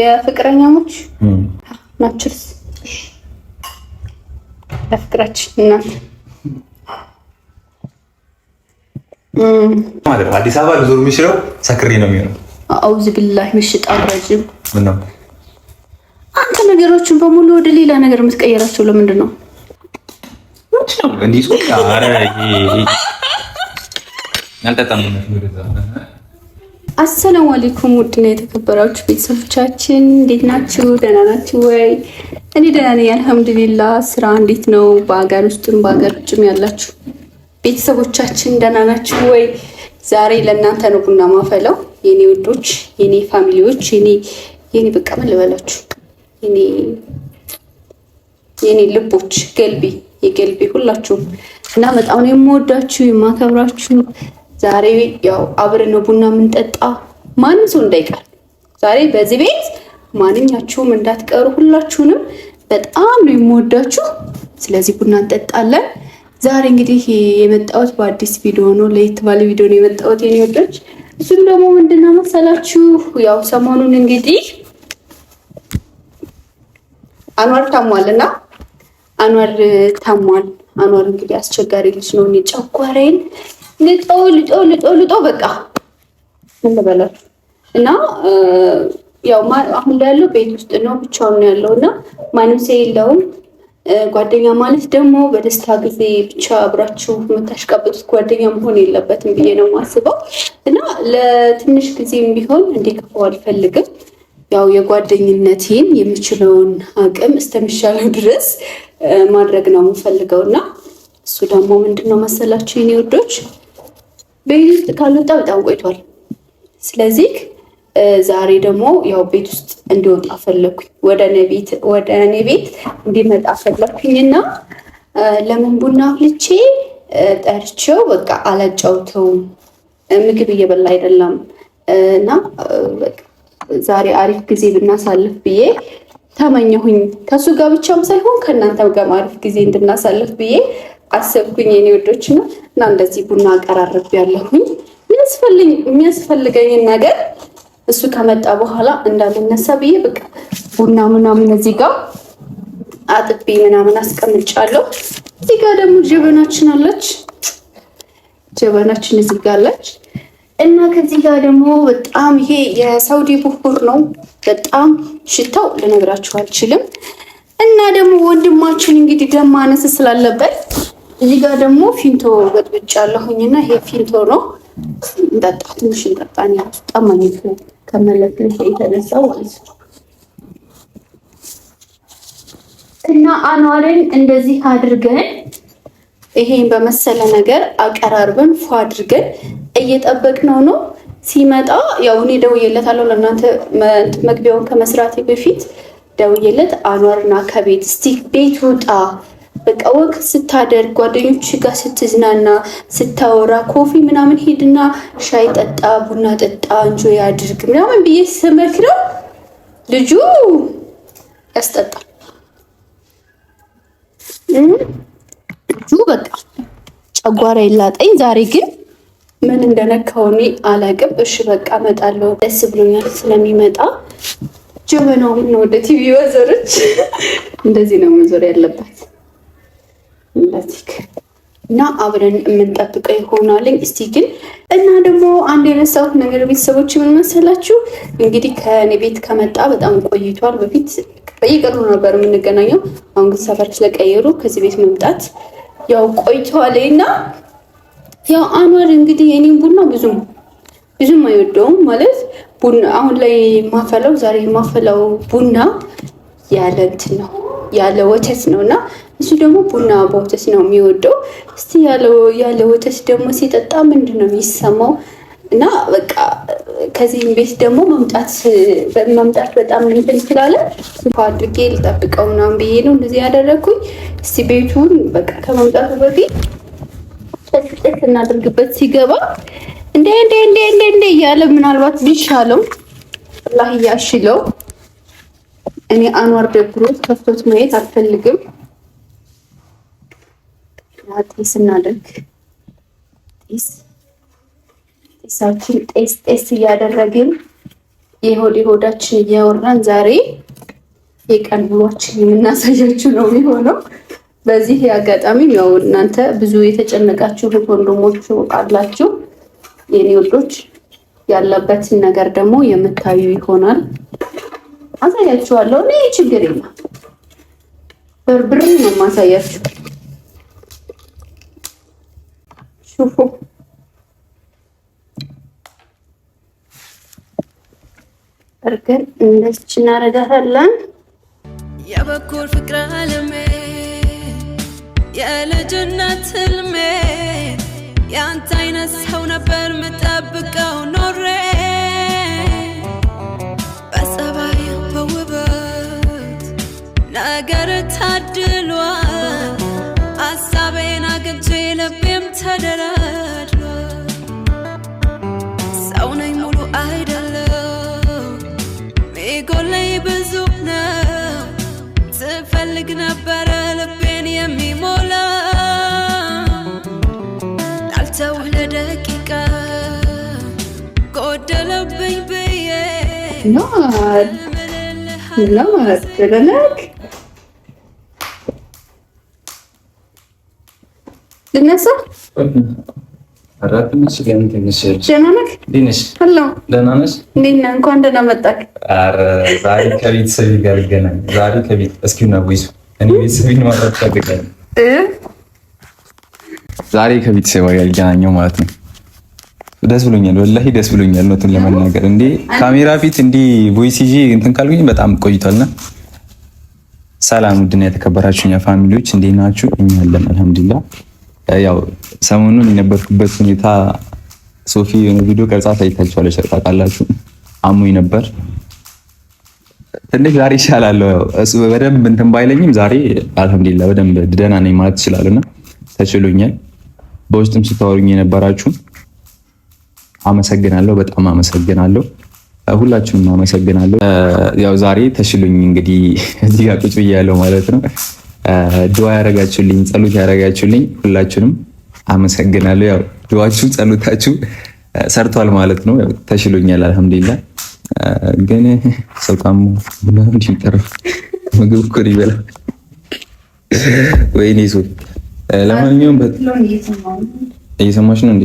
የፍቅረኛሞች ናችርስ ለፍቅራችን እናት ማለት አዲስ አበባ ልዞር የሚችለው ሰክሬ ነው የሚሆነው። አውዝ ቢላህ ምሽጣ ረጅም አንተ ነገሮችን በሙሉ ወደ ሌላ ነገር የምትቀየራቸው ለምንድን ነው? እንዲህ አሰላሙ አለይኩም ውድና የተከበራችሁ ቤተሰቦቻችን እንዴት ናችሁ? ደህና ናችሁ ወይ? እኔ ደህና ነኝ አልሐምዱሊላ። ስራ እንዴት ነው? በሀገር ውስጥም በሀገር ውጭም ያላችሁ ቤተሰቦቻችን ደህና ናችሁ ወይ? ዛሬ ለእናንተ ነው ቡና ማፈለው የኔ ውዶች፣ የኔ ፋሚሊዎች፣ የኔ በቃ ምን ልበላችሁ፣ የኔ ልቦች፣ ገልቢ የገልቢ ሁላችሁም እና በጣም ነው የምወዳችሁ የማከብራችሁ ዛሬ ያው አብረን ነው ቡና የምንጠጣ። ማንም ሰው እንዳይቀር ዛሬ በዚህ ቤት ማንኛችሁም እንዳትቀሩ፣ ሁላችሁንም በጣም ነው የምወዳችሁ። ስለዚህ ቡና እንጠጣለን። ዛሬ እንግዲህ የመጣሁት በአዲስ ቪዲዮ ነው፣ ለየት ባለ ቪዲዮ ነው የመጣሁት የኔ እሱም ደግሞ ምንድነው መሰላችሁ ያው ሰሞኑን እንግዲህ ታሟል ታሟልና አኗር ታሟል። አኗር እንግዲህ አስቸጋሪ ልጅ ነው። እኔ ጨጓራዬን ልጦ ልጦ ልጦ ልጦ በቃ እንበላችሁ እና ያው አሁን ላይ ያለው ቤት ውስጥ ነው፣ ብቻውን ያለው እና ማንም ሰው የለውም። ጓደኛ ማለት ደግሞ በደስታ ጊዜ ብቻ አብራችሁ የምታሽቃብጡት ጓደኛ መሆን የለበትም ብዬ ነው የማስበው። እና ለትንሽ ጊዜም ቢሆን እንዲከፋው አልፈልግም። ያው የጓደኝነቴን የምችለውን አቅም እስከሚሻለው ድረስ ማድረግ ነው የምፈልገው እና እሱ ደግሞ ምንድን ነው መሰላችሁ የኔ ወዶች ቤት ውስጥ ካልወጣ በጣም ቆይቷል። ስለዚህ ዛሬ ደግሞ ያው ቤት ውስጥ እንዲወጣ ፈለኩኝ፣ ወደ እኔ ቤት እንዲመጣ እና ለምን ቡና አፍልቼ ጠርቼው በቃ አላጫውተውም። ምግብ እየበላ አይደለም እና ዛሬ አሪፍ ጊዜ ብናሳልፍ ብዬ ተመኘሁኝ። ከሱ ጋር ብቻም ሳይሆን ከእናንተ ጋ አሪፍ ጊዜ እንድናሳልፍ ብዬ አሰብኩኝ የኔ ወዶች ነው እና እንደዚህ ቡና አቀራረብ ያለሁኝ የሚያስፈልገኝን ነገር እሱ ከመጣ በኋላ እንዳልነሳ ብዬ በቃ ቡና ምናምን እዚህ ጋር አጥቤ ምናምን አስቀምጫለሁ። እዚህ ጋር ደግሞ ጀበናችን አለች። ጀበናችን እዚህ ጋር አለች እና ከዚህ ጋር ደግሞ በጣም ይሄ የሳውዲ ቡሁር ነው። በጣም ሽታው ልነግራችሁ አልችልም። እና ደግሞ ወንድማችን እንግዲህ ደም ማነስ ስላለበት እዚህ ጋር ደግሞ ፊንቶ ገጥብጫ አለሁኝና ይሄ ፊንቶ ነው። እንጠጣ ትንሽ እንጠጣ። ጣማኝ ከመለፍለፍ የተነሳ ማለት ነው። እና አኗርን እንደዚህ አድርገን ይሄን በመሰለ ነገር አቀራርበን ፎ አድርገን እየጠበቅነው ነው። ሲመጣ ያው እኔ ደውዬለታለሁ። ለእናንተ መግቢያውን ከመስራቴ በፊት ደውዬለት አኗርና ከቤት እስቲ ቤት ውጣ በቃ ወቅት ስታደርግ ጓደኞች ጋር ስትዝናና ስታወራ ኮፊ ምናምን ሄድና ሻይ ጠጣ፣ ቡና ጠጣ፣ እንጆ ያድርግ ምናምን ብዬ ስመክረው ነው ልጁ ያስጠጣል። ልጁ በቃ ጨጓራ ይላጠኝ። ዛሬ ግን ምን እንደነካው እኔ አላቅም። እሺ በቃ እመጣለሁ። ደስ ብሎኛል ስለሚመጣ ጀበናውን ወደ ቲቪ ወዘሮች። እንደዚህ ነው መዞር ያለባት። እንደዚህ እና አብረን የምንጠብቀው ይሆናልኝ። እስቲ ግን እና ደግሞ አንድ የነሳሁት ነገር ቤተሰቦች ምን መሰላችሁ? እንግዲህ ከእኔ ቤት ከመጣ በጣም ቆይቷል። በፊት በየቀኑ ነበር የምንገናኘው። አሁን ግን ሰፈር ስለቀየሩ ከዚህ ቤት መምጣት ያው ቆይቷል እና ያው አኗር እንግዲህ እኔም ቡና ብዙም ብዙም አይወደውም ማለት ቡና አሁን ላይ የማፈላው ዛሬ የማፈላው ቡና ያለ እንትን ነው ያለ ወተት ነው እና እሱ ደግሞ ቡና በወተት ነው የሚወደው። እስቲ ያለ ወተት ደግሞ ሲጠጣ ምንድን ነው የሚሰማው? እና በቃ ከዚህም ቤት ደግሞ መምጣት መምጣት በጣም እንትን ስላለ አድርጌ ልጠብቀው ምናምን ብዬ ነው እንደዚህ ያደረግኩኝ። እስቲ ቤቱን በቃ ከመምጣቱ በፊት ጨጭጨጭ እናደርግበት ሲገባ እንደ እንደ እንደ እንደ እንደ እያለ ምናልባት ቢሻለው ላ እያሽለው እኔ አኗር ደብሮት ከፍቶት ማየት አልፈልግም። ጤስ እናድርግ። ጤስ ጤሳችን ጤስ ጤስ እያደረግን የሆድ የሆዳችን እያወራን ዛሬ የቀን ብሏችን የምናሳያችሁ ነው የሚሆነው። በዚህ አጋጣሚ ያው እናንተ ብዙ የተጨነቃችሁ ወንድሞቹ አላችሁ የኔ ወዶች፣ ያለበትን ነገር ደግሞ የምታዩ ይሆናል። አሳያችኋለሁ። እኔ ችግር የለም፣ በርብሬ ነው የማሳያችሁ። ሽፉ እርግን እንደች እናደርጋታለን። የበኩር ፍቅር አለሜ የልጅነት ህልሜ የአንተ አይነት ሰው ነበር ምጠብቀው ኖሬ በጸባይ በውበት ነገር ታድሏል ሀሳቤን አግብቼ ልቤ ተደራድሮ ሰው ነኝ ሙሉ አይደለው ሚጎለኝ ብዙ ነው። ስፈልግ ነበረ ልቤን የሚሞላ ላልተውህ ለደቂቃ ጎደለብኝ ብዬ ነው ነው ዛሬ ከቤተሰብ ጋር ይገናኘው ማለት ነው። ደስ ብሎኛል፣ ወላሂ ደስ ብሎኛል። ለመናገር ካሜራ ፊት እንዲህ ቮይስ ይዤ እንትን ካልኩኝ በጣም ቆይቷልና ሰላም ውድና የተከበራችሁ እኛ ፋሚሊዎች እንዴት ናችሁ? እኛ አለን አልሐምዱሊላህ ያው ሰሞኑን የነበርኩበት ሁኔታ ሶፊ የሆነ ቪዲዮ ቀርጻ ታይታችኋለች፣ ታውቃላችሁ። አሙኝ ነበር ትንሽ። ዛሬ ይሻላለሁ። እሱ በደንብ እንትን ባይለኝም ዛሬ አልሐምዱሊላ በደንብ ደህና ነኝ ማለት ይችላልና ተችሎኛል። በውስጥም ስታወሩኝ የነበራችሁ አመሰግናለሁ፣ በጣም አመሰግናለሁ። ሁላችሁም አመሰግናለሁ። ያው ዛሬ ተችሎኝ እንግዲህ እዚህ ጋር ቁጭ ብያለሁ ማለት ነው። ድዋ ያደረጋችሁልኝ፣ ጸሎት ያደረጋችሁልኝ ሁላችሁንም አመሰግናለሁ። ያው ድዋችሁ ጸሎታችሁ ሰርቷል ማለት ነው። ተሽሎኛል፣ አልሐምዱሊላ። ግን ሰውቃሙ ምናምን ምግብ እኮ ይበላ ወይኔ ለማንኛውም እየሰማች ነው እንዴ?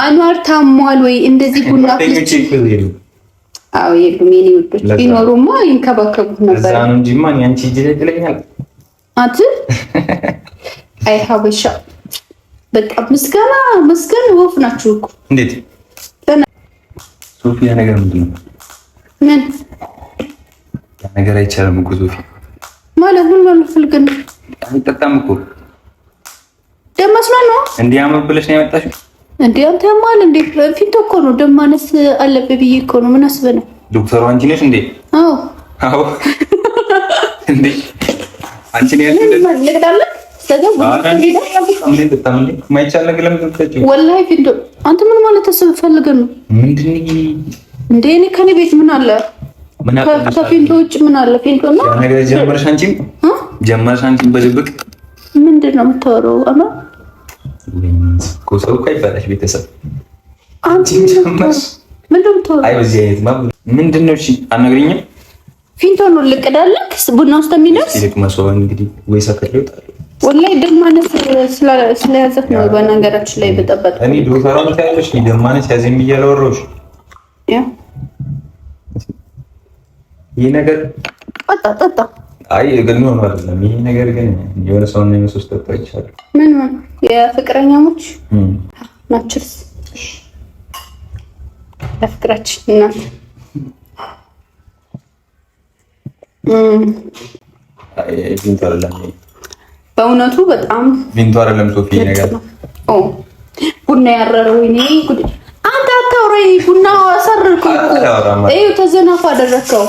አኗር ታሟል ወይ እንደዚህ ቡና አዎ የሉም። የኔ ውዶች ቢኖሩማ ይንከባከቡት ነበር። ዛኑ እንጂማ አንቺ አይ ሀበሻ በቃ ምስጋና መስገን ወፍ ናችሁ እኮ እንዴት ሶፊ፣ ነገር ምንድን ነው? ምን ያ ነገር አይቻልም እኮ ሶፊ። ማለት ነው ፍልግን አይጠጣም እኮ ደመስሎ ነው እንዲህ ነው ያመጣሽው እንዴ አንተ ማል እንዴ ፊንቶ እኮ ነው ደም ማነስ አለብህ ብዬ እኮ ነው። ምን አስበህ ነው? ዶክተሩ አንቺ ነሽ እንዴ? አዎ አዎ። እንዴ አንቺ ነሽ እንዴ? ልቅዳለህ ወላሂ ፊንቶ አንተ ምን ማለት ተሰብ ፈልገህ ነው? ምንድን እንዴ እኔ ከኔ ቤት ምን አለ? ከፊንቶ ውጭ ምን አለ? ፊንቶ ነው ጀመርሽ አንቺም ጀመርሽ አንቺም በድብቅ ምንድን ነው የምታወራው? አማ ሰው እኮ ይባላል ቤተሰብ። አንቺ ምንድን ነው አይ አይነት እሺ አናግሪኝም? ፊንቶን ልቅዳለክ ቡና ውስጥ የሚደርስ ይልቅ መስዋ እንግዲህ ወይ ሰፈር ሊወጣ ወላሂ ደም ማነስ ስለያዘት ነው። በነገራችን ላይ በጠበጥ እኔ ዶክተሯን ታያለሽ። ደም ማነስ ያዘኝ ብዬሽ አላወራሁሽ። ይህ ነገር ጠጣ ጠጣ አይ ግን ነው አይደለም። ይሄ ነገር ግን የሆነ ሰው ነው የሚመስለው ስጠጣ ይችላል። ምን ምን የፍቅረኛሞች ናችርስ ለፍቅራችን እናት አይ ቪንቶ አይደለም። በእውነቱ በጣም ቪንቶ አይደለም። ሶፊ ነገር ኦ ቡና ያረረው እኔ ጉድ አንተ አታውራይ ቡና አሰርኩ። እዩ ተዘናፋ አደረከው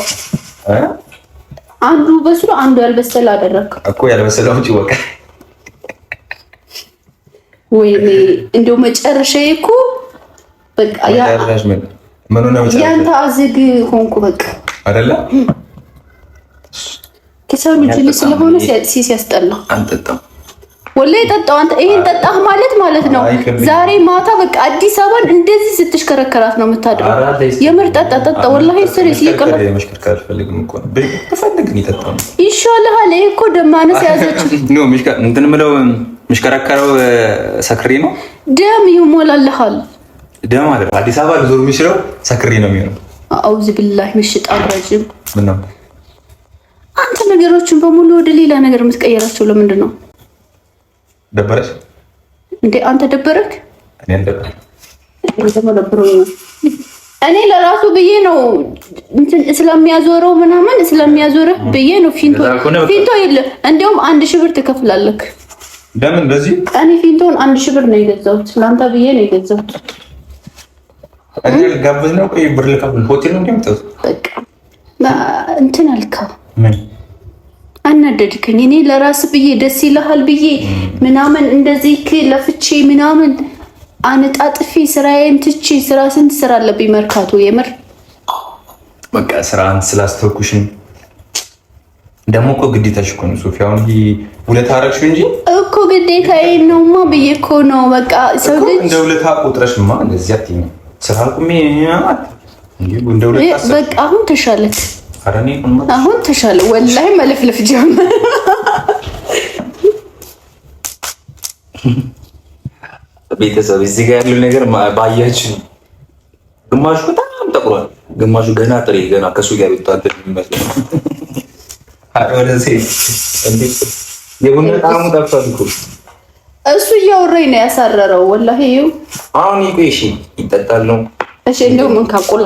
አንዱ በስሎ አንዱ ያልበሰለ አደረግ እኮ ያልበሰለ እንጂ ወቀ ወይ እንደው መጨረሻዬ እኮ በቃ ያ ምን ነው ያንተ አዝግ ሆንኩ በቃ አይደለ ከሰው ልጅ ስለሆነ ሲያስጠላ አንጠጣም ወላሂ ጠጣው። አንተ ይሄን ጠጣህ ማለት ማለት ነው። ዛሬ ማታ በቃ አዲስ አበባን እንደዚህ ስትሽከረከራት ነው የምታድረው። የምር ጠጣ ጠጣ። ወላሂ ስሪስ ይቀር ይሻልሃል። ይሄ እኮ ደማነስ ያዘችው ነው እንትን ምለው ምሽከረከረው ሰክሬ ነው ደም ይሞላልሃል። ደም አለ አዲስ አበባ ልዞር የሚችለው ሰክሬ ነው የሚሆነው። አውዝ ቢላህ ምሽጣ ረጅም አንተ ነገሮችን በሙሉ ወደ ሌላ ነገር የምትቀየራቸው ለምንድን ነው? ደበረች እንዴ? አንተ ደበረክ? እኔ ለራሱ ብዬ ነው እንትን ስለሚያዞረው ምናምን ስለሚያዞረህ ብዬ ነው። ፊንቶ ፊንቶ የለ እንደውም አንድ ሺህ ብር ትከፍላለህ። ለምን እንደዚህ? እኔ ፊንቶን አንድ ሺህ ብር ነው የገዛሁት፣ ለአንተ ብዬ ነው የገዛሁት። ጋብዝ ነው ብር ልከፍል ሆቴል እንዲምጥ በቃ እንትን አልካ አናደድከኝ። እኔ ለራስ ብዬ ደስ ይልሃል ብዬ ምናምን እንደዚህ ለፍቼ ምናምን አነጣጥፌ ስራዬን ትቼ ስራ ስንት ስራ አለብኝ። መርካቶ የምር በቃ ስራን ስላስተኩሽን ደግሞ እኮ ግዴታሽ እኮ ነው ሶፊ። አሁን ውለታ አደረግሽው እንጂ እኮ ግዴታዬ ነውማ ብዬ እኮ ነው። በቃ ሰው ልጅ እንደ ውለታ ቁጥረሽማ እንደዚህ አትይኝም። ስራ አልኩሜ እንደ ውለታ በቃ አሁን ተሻለት አሁን ተሻለ። ወላይ መለፍለፍ ጀመረ። ቤተሰብ እዚህ ጋር ያለው ነገር ባያች፣ ግማሹ በጣም ጠቁሯል፣ ግማሹ ገና ጥሬ ገና ከሱ ጋር ይጣጥ የሚመስል የቡና ጣዕሙ ጠፍቷል እኮ እሱ እያወራኝ ነው ያሳረረው። ወላሂ ይኸው አሁን ይቆይ። እሺ ይጠጣል ነው እሺ። እንደውም እንካቁላ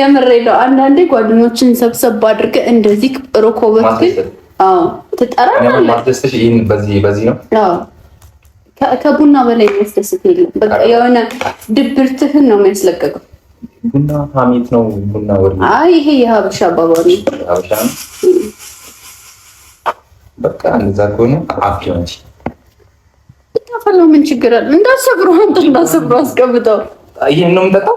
የምሬ ነው። አንዳንዴ ጓደኞችን ሰብሰብ አድርገ እንደዚህ ሮኮበት ግን ትጠራለማስደስተሽ ከቡና በላይ የሚያስደስት የለም። በቃ የሆነ ድብርትህን ነው የሚያስለቀቀው። ቡና ሀሜት ነው። ቡና ወር አይ ይሄ የሀበሻ አባባል ሀበሻ ነው። በቃ እንደዛ ከሆነ አፍ ሆነች ፈለው ምን ችግር አለ? እንዳሰብሮ አንተ እንዳሰብሩ አስቀምጠው። ይህን ነው የምጠጣው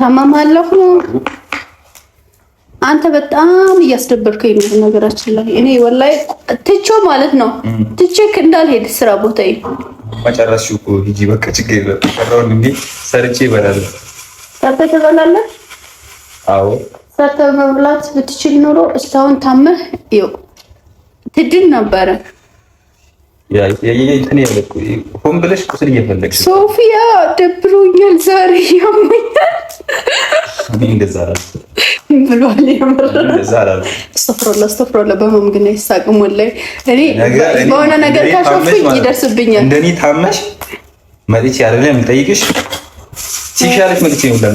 ታማማለሁ አንተ በጣም እያስደበርከኝ ነው። ነገራችን ላይ እኔ ወላሂ ትቼ ማለት ነው ትቼክ እንዳልሄድ ስራ ቦታ መጨረሱ ሂጂ በቃ ችግር የለም። ቀረውን እንዲ ሰርቼ እበላለሁ። ሰርተህ ትበላለህ? አዎ ሰርተህ መብላት ብትችል ኑሮ እስካሁን ታመህ ይኸው ትድን ነበረ። ሆን ብለሽ ቁስል ሶፊያ፣ ደብሮኛል፣ ዛሬ ያመኛል ብሏል። ግን አይሳቅም። በሆነ ነገር ካሾፍኝ ይደርስብኛል። እንደኔ ታመሽ መጥቼ አይደለም የምጠይቅሽ፣ ሲሻለሽ መጥቼ ነው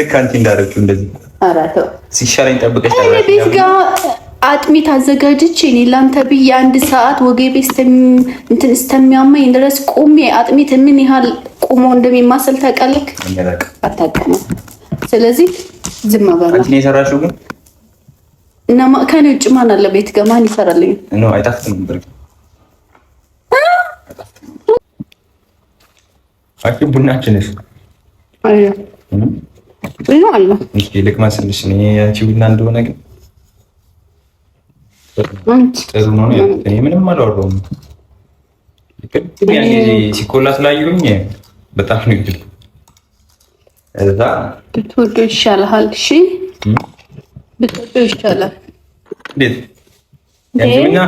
ልክ አንቺ እንዳደረግሽው እንደዚህ ሲሻለኝ ጠብቀሽ ቤት ጋር አጥሚት አዘጋጅቼ እኔ ላንተ ብዬ አንድ ሰዓት ወገቤ እንትን እስተሚያመኝ ድረስ ቁሜ አጥሚት ምን ያህል ቁሞ እንደሚማሰል ታውቃለህ? አታውቅም። ስለዚህ ዝም በላ። የሰራሽው ግን እና ከኔ ውጭ ማን አለ? ቤት ጋር ማን ይሰራልኝ? አይጣፍጥም። ቡናችንሽ አለ ልቅመስ ያቺ ቡና እንደሆነ ግን ጥሩ ነው ያልኩት። እኔ ምንም አላወራሁም፣ ግን ያን ጊዜ ሲኮላ ስላየሁኝ በጣም ነው ይል እዛ ብትወደው ይሻልሃል። እሺ ብትወደው ይሻላል። እንዴት ያንምና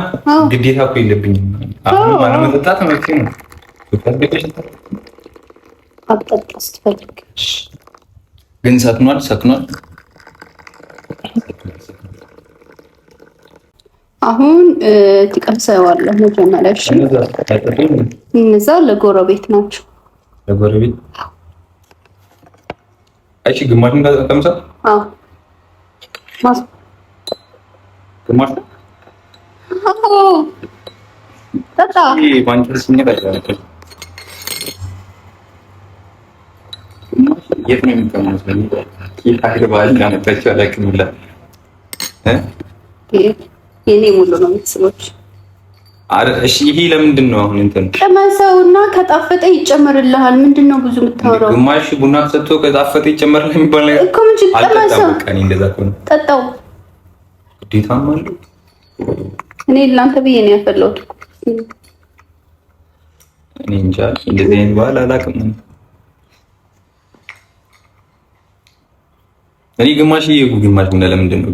ግዴታ እኮ የለብኝም። አሁን ባለመጠጣት ነው ነው አብጠጣ ስትፈልግ ግን ሰክኗል፣ ሰክኗል አሁን ትቀምሰዋለህ። መጀመሪያ እሺ፣ እነዛ ለጎረቤት ናቸው። ለጎረቤት እሺ። ግማሽ እንዳቀምሰ ማስ ግማሽ የኔ ሙሉ ነው ቤተሰቦች። አረ እሺ፣ ይሄ ለምንድን ነው አሁን እንትን ቅመሰውና ከጣፈጠ ይጨመርልሃል። ምንድን ነው ብዙ የምታወራው? ግማሽ ቡና ተሰጥቶ ከጣፈጠ ይጨመርልሃል የሚባል ነገር እኮ ምን ቅመሰው። ቀኒ እንደዛ ከሆነ ጠጣው ግዴታም አለ። እኔ ለአንተ ብዬ ነው ያፈላሁት። እኔ እንጃ እንደዚህ አይነት ባህል አላውቅም። እኔ ግማሽ ይሄ ግማሽ ቡና ለምንድን ነው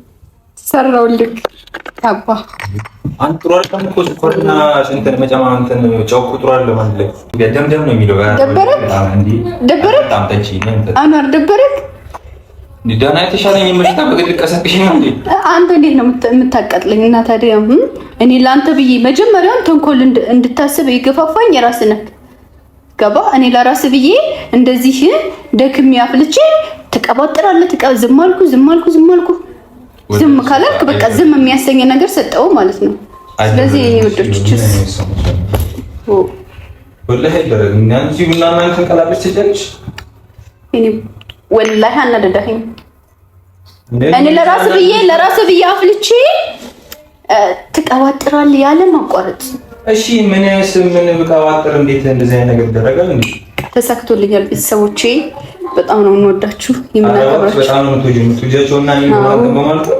ሰራውልክ ታባ አንድ ጥሩ አይደለም እኮ ስኳርና እንትን መጨማ እንትን ጨው ጥሩ አይደለም። ደምደም ነው የሚለው ደበረክ ደበረክ አኗር ደበረክ ዳና የተሻለኝ መሽታ በግድ ቀሰቅሽ አንተ እንዴት ነው የምታቀጥለኝ? እና ታዲያ እኔ ለአንተ ብዬ መጀመሪያውን ተንኮል እንድታስብ የገፋፋኝ የራስህ ነህ። ገባ እኔ ለራስ ብዬ እንደዚህ ደክሜ አፍልቼ ትቀባጥራለህ። ዝም አልኩ ዝም አልኩ ዝም አልኩ ዝም ካላልክ በቃ ዝም የሚያሰኝ ነገር ሰጠው ማለት ነው። ስለዚህ ወዶች ችስ ወላሂ አናደዳኝ። እኔ ለራስ ብዬ ለራስ ብዬ አፍልቼ ትቀባጥራል ያለ ማቋረጥ። እሺ ምን ምን ብቀባጥር እንዴት እንደዚህ አይነት ነገር ይደረጋል? ተሳክቶልኛል። ቤተሰቦቼ በጣም ነው የምንወዳችሁ የምናከብራችሁ በጣም ነው የምትወጂው የምትወጂያቸው እና እኔ ማለት ነው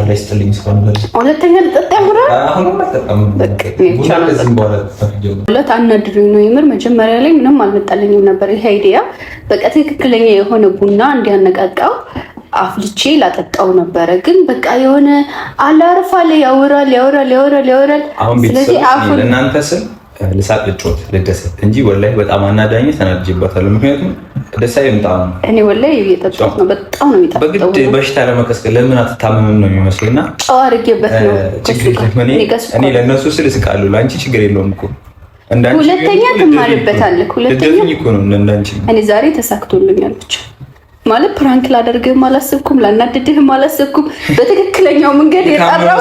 አላይ ስትልኝ ሁለተኛ ልጠጣም ብራ አሁንም አልጠጣም። ቡና ከዚህም በኋላ ሁለት አናድሪኝ ነው የምር። መጀመሪያ ላይ ምንም አልመጣልኝም ነበር ይሄ አይዲያ። በቃ ትክክለኛ የሆነ ቡና እንዲያነቃቃው አፍልቼ ላጠጣው ነበረ። ግን በቃ የሆነ አላርፋ ላይ ያወራል ያወራል ያወራል ያወራል። ስለዚህ አሁን እናንተ ስል ልሳቅ ልጮት ልደሰት እንጂ ወላሂ በጣም አናዳኝ ተናድጄባታለሁ። ምክንያቱም ደስ አይምጣ ነው። እኔ ወላሂ እየጠጣሁት ነው፣ በጣም ነው የሚጣፍጠው። በግድ በሽታ ለመቀስቀስ ለምን አትታመምም ነው የሚመስለውና ጨው አድርጌበት ነው። እኔ ለእነሱ ስል እስቃለሁ፣ ለአንቺ ችግር የለውም እኮ ሁለተኛ ትማርበታለህ። ሁለተኛ እኔ ዛሬ ተሳክቶልኛል ብቻ ማለት ፕራንክ ላደርግህም አላሰብኩም፣ ላናድድህም አላሰብኩም። በትክክለኛው መንገድ የጠራው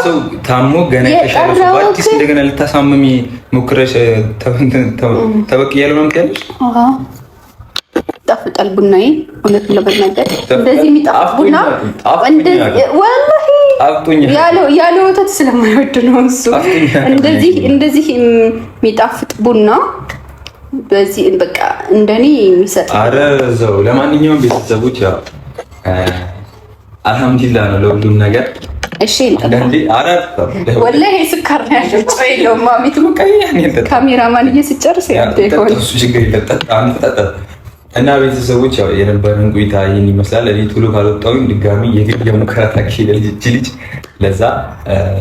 ታሞ ገና አዲስ እንደገና ልታሳምሚ ሞክረሽ ተበቅ እያለ ነው ይጣፍጣል ቡናዬ። እውነቱን ለመናገር እንደዚህ የሚጣፍጥ ቡና ያለ ወተት ስለማይወድ ነው እሱ። እንደዚህ እንደዚህ የሚጣፍጥ ቡና በዚህ በቃ እንደኔ የሚሰጥ አረ ዘው። ለማንኛውም ቤተሰቦች ያው አልሐምዱሊላ ነው ለሁሉም ነገር። እሺ ወላሂ ስካር ነው ያለው ጨው የለውም። ማሚቱ ካሜራማን እየስጨርስ እና ቤተሰቦች ያው የነበረን ቆይታ ይህን ይመስላል። እኔ ቶሎ ካልወጣሁኝ ድጋሚ የግል የሙከራ ታክሲ ልጅ ልጅ ለዛ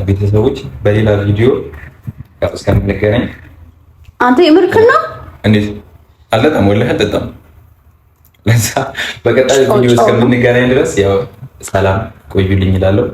ቤተሰቦች በሌላ ቪዲዮ ያው እስከምንገናኝ አንተ የምርክል ነው እንዴት አልጠጣም ወላሂ አልጠጣም። ለዛ በቀጣይ ቪዲዮ እስከምንገናኝ ድረስ ያው ሰላም ቆዩልኝ ይላለው።